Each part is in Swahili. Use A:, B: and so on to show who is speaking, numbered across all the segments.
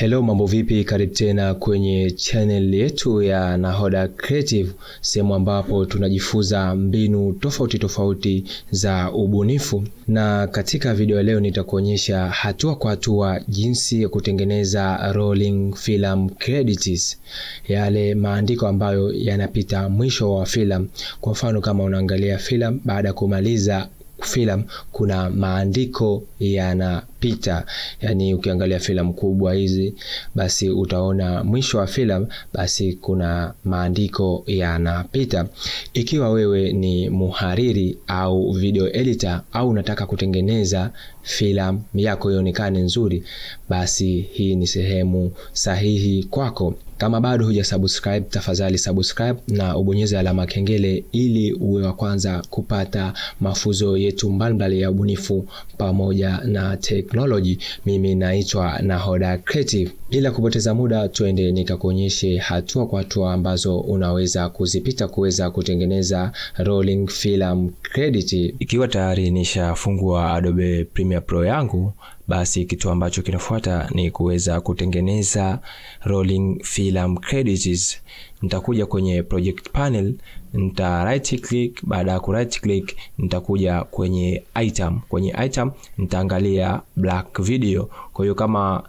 A: Hello, mambo vipi? Karibu tena kwenye channel yetu ya Nahoda Creative, sehemu ambapo tunajifunza mbinu tofauti tofauti za ubunifu, na katika video ya leo nitakuonyesha hatua kwa hatua jinsi ya kutengeneza rolling film credits, yale maandiko ambayo yanapita mwisho wa filamu. Kwa mfano, kama unaangalia filamu, baada ya kumaliza filamu kuna maandiko yana picha. Yani ukiangalia filamu kubwa hizi, basi utaona mwisho wa filamu basi kuna maandiko yanapita. Ikiwa wewe ni muhariri au video editor au unataka kutengeneza filamu yako ionekane nzuri, basi hii ni sehemu sahihi kwako. Kama bado huja subscribe, tafadhali subscribe na ubonyeze alama kengele ili uwe wa kwanza kupata mafunzo yetu mbalimbali ya ubunifu pamoja na tech. Technology. Mimi naitwa Nahoda Creative. Bila kupoteza muda, tuende nikakuonyeshe hatua kwa hatua ambazo unaweza kuzipita kuweza kutengeneza rolling film credit. Ikiwa tayari nishafungua Adobe Premiere Pro yangu, basi kitu ambacho kinafuata ni kuweza kutengeneza rolling film credits nitakuja kwenye project panel, nita right click. Baada ya ku right click, nitakuja kwenye item. Kwenye item nitaangalia black video. Kwa hiyo kama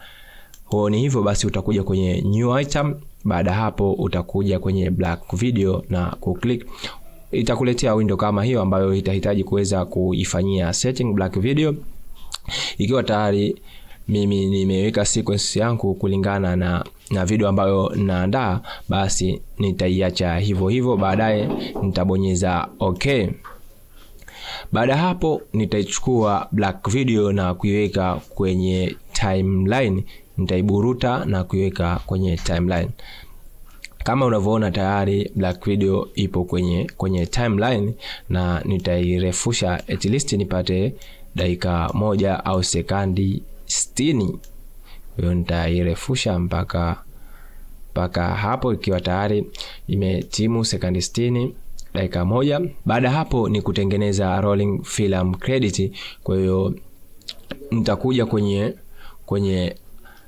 A: huoni hivyo, basi utakuja kwenye new item. Baada hapo utakuja kwenye black video na ku click itakuletea window kama hiyo ambayo itahitaji kuweza kuifanyia setting black video, ikiwa tayari mimi nimeweka sequence yangu kulingana na na video ambayo naandaa, basi nitaiacha hivyo hivyo, baadaye nitabonyeza okay. Baada hapo nitaichukua black video na kuiweka kwenye timeline, nitaiburuta na kuiweka kwenye timeline. Kama unavyoona tayari black video ipo kwenye, kwenye timeline na nitairefusha at least nipate dakika moja au sekandi sitini hiyo nitairefusha mpaka mpaka hapo ikiwa tayari imetimu sekunde 60 dakika moja. Baada ya hapo ni kutengeneza rolling film credit. Kwa hiyo nitakuja kwenye kwenye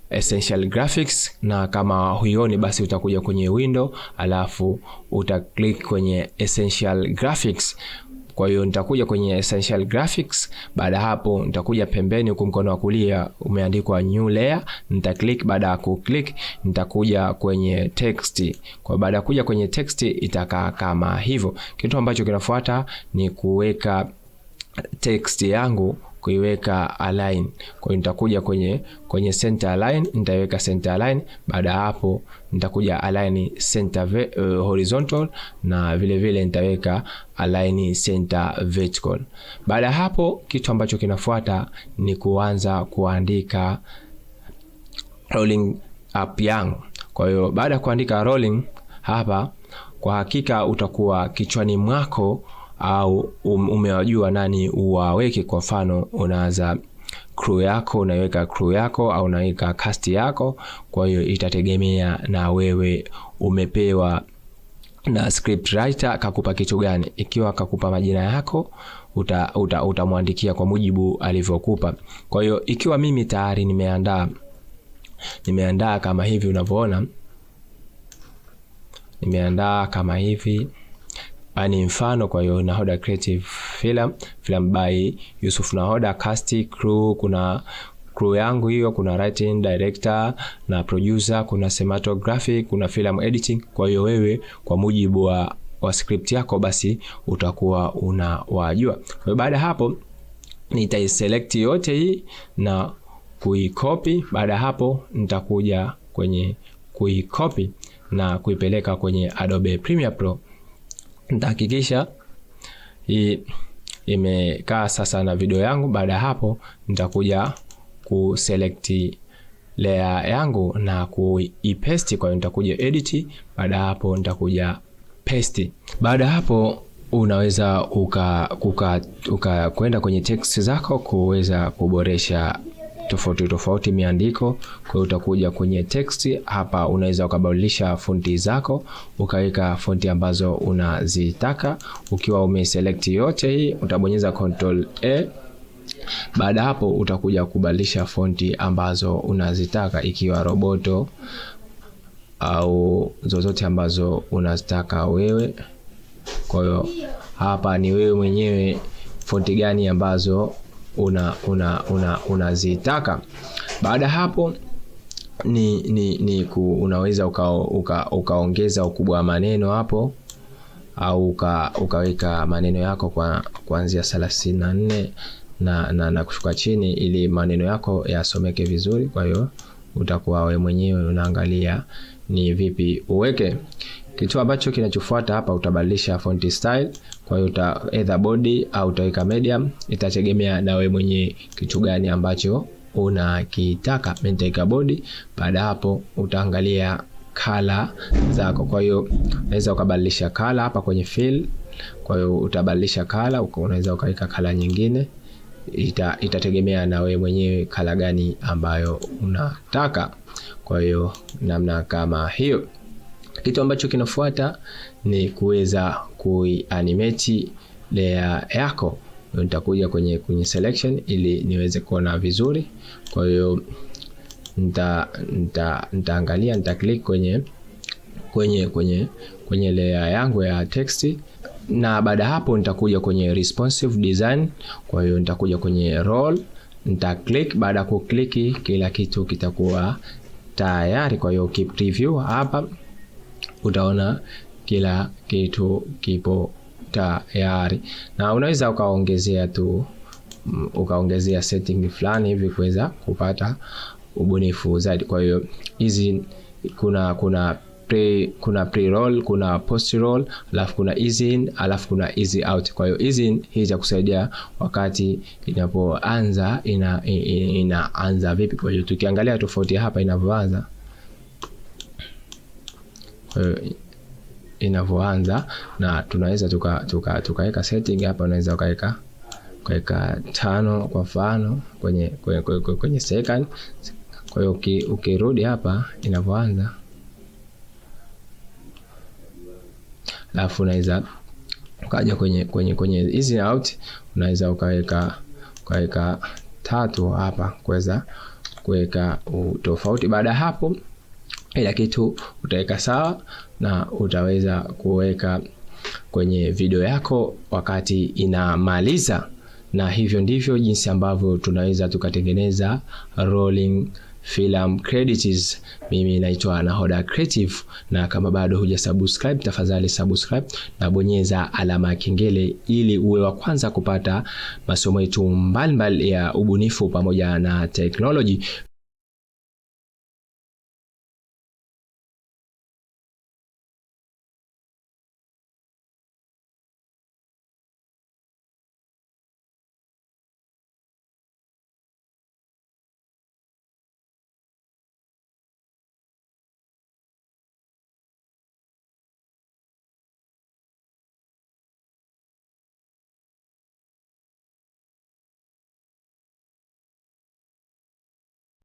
A: Essential Graphics na kama huioni basi utakuja kwenye window alafu uta kwenye Essential Graphics. Kwa hiyo nitakuja kwenye essential graphics. Baada hapo nitakuja pembeni huku mkono wa kulia umeandikwa new layer, nita click. Baada ya ku click nitakuja kwenye text. Kwa baada ya kuja kwenye text itakaa kama hivyo. Kitu ambacho kinafuata ni kuweka text yangu kuiweka align. Kwa hiyo nitakuja kwenye kwenye center align, nitaiweka center align. Baada ya hapo nitakuja align center ve, uh, horizontal na vile vile nitaweka align center vertical. Baada ya hapo kitu ambacho kinafuata ni kuanza kuandika rolling up yangu. Kwa hiyo baada ya kuandika rolling hapa, kwa hakika utakuwa kichwani mwako au um-, umewajua nani uwaweke. Kwa mfano, unaanza crew yako unaiweka crew yako au unaweka cast yako. Kwa hiyo itategemea na wewe umepewa na script writer kakupa kitu gani. Ikiwa kakupa majina yako utamwandikia uta, uta kwa mujibu alivyokupa. Kwa hiyo ikiwa mimi tayari nimeandaa nimeandaa kama hivi unavyoona, nimeandaa kama hivi ni mfano. Kwa hiyo Nahoda Creative Film, film by Yusuf Nahoda, cast crew, kuna crew yangu hiyo, kuna writing director na producer, kuna cinematography, kuna film editing. Kwa hiyo wewe kwa mujibu wa, wa script yako basi utakuwa unawajua. Kwa hiyo baada hapo nitaiselect yote hii na kuikopi. Baada hapo nitakuja kwenye kuikopi na kuipeleka kwenye Adobe Premiere Pro nitahakikisha imekaa sasa na video yangu. Baada ya hapo, nitakuja kuselekti layer yangu na kuipaste. Kwa hiyo nitakuja edit, baada ya hapo nitakuja paste. Baada ya hapo unaweza uka kwenda kwenye text zako kuweza kuboresha tofauti tofauti miandiko. Kwa hiyo utakuja kwenye text hapa, unaweza ukabadilisha fonti zako ukaweka fonti ambazo unazitaka. Ukiwa umeselect yote hii utabonyeza control A. Baada hapo utakuja kubadilisha fonti ambazo unazitaka, ikiwa Roboto au zozote ambazo unazitaka wewe. Kwa hiyo hapa ni wewe mwenyewe fonti gani ambazo unazitaka una, una, una baada hapo ni, ni, ni ku, unaweza ukaongeza uka, uka ukubwa wa maneno hapo au uka, ukaweka maneno yako kwa kuanzia 34 na, na, na kushuka chini ili maneno yako yasomeke vizuri. Kwa hiyo utakuwa wewe mwenyewe unaangalia ni vipi uweke. Kitu ambacho kinachofuata hapa utabadilisha font style, kwa hiyo uta either body au utaweka medium, itategemea na wewe mwenye kitu gani ambacho unakitaka. Mimi nitaweka body, baada hapo utaangalia color zako. Kwa hiyo unaweza ukabadilisha color hapa kwenye fill, kwa hiyo utabadilisha color, unaweza ukaweka color nyingine ita, itategemea na wewe mwenyewe kala gani ambayo unataka. Kwa hiyo namna kama hiyo. Kitu ambacho kinafuata ni kuweza kuianimate layer yako. Nitakuja kwenye, kwenye selection ili niweze kuona vizuri. Kwa hiyo nita nitaangalia nita click kwenye kwenye kwenye kwenye layer yangu ya text na baada hapo nitakuja kwenye responsive design. Kwa hiyo nitakuja kwenye role nita click. Baada ya kukliki, kila kitu kitakuwa tayari. Kwa hiyo ukipreview hapa utaona kila kitu kipo tayari, na unaweza ukaongezea tu mm, ukaongezea setting fulani hivi kuweza kupata ubunifu zaidi. Kwa hiyo hizi kuna kuna pre, kuna pre roll, kuna post roll, alafu kuna ease in, alafu kuna easy out. Kwa hiyo ease in hii kusaidia wakati inapoanza inaanza ina, ina, vipi. Kwa hiyo tukiangalia tofauti hapa inavyoanza Eh, inavyoanza na tunaweza tukaweka tuka, tuka setting hapa, unaweza ukaweka ukaweka tano kwa mfano kwenye, kwenye, kwenye, kwenye second. Kwa hiyo ukirudi hapa inavyoanza, alafu unaweza ukaja kwenye kwenye kwenye easy out, unaweza ukaweka ukaweka tatu hapa kuweza kuweka utofauti. Baada ya hapo ila kitu utaweka sawa na utaweza kuweka kwenye video yako wakati inamaliza na hivyo ndivyo jinsi ambavyo tunaweza tukatengeneza rolling film credits. Mimi naitwa Nahoda Creative, na kama bado huja subscribe, tafadhali subscribe na bonyeza alama ya kengele ili uwe wa kwanza kupata masomo yetu mbalimbali ya ubunifu pamoja na teknoloji.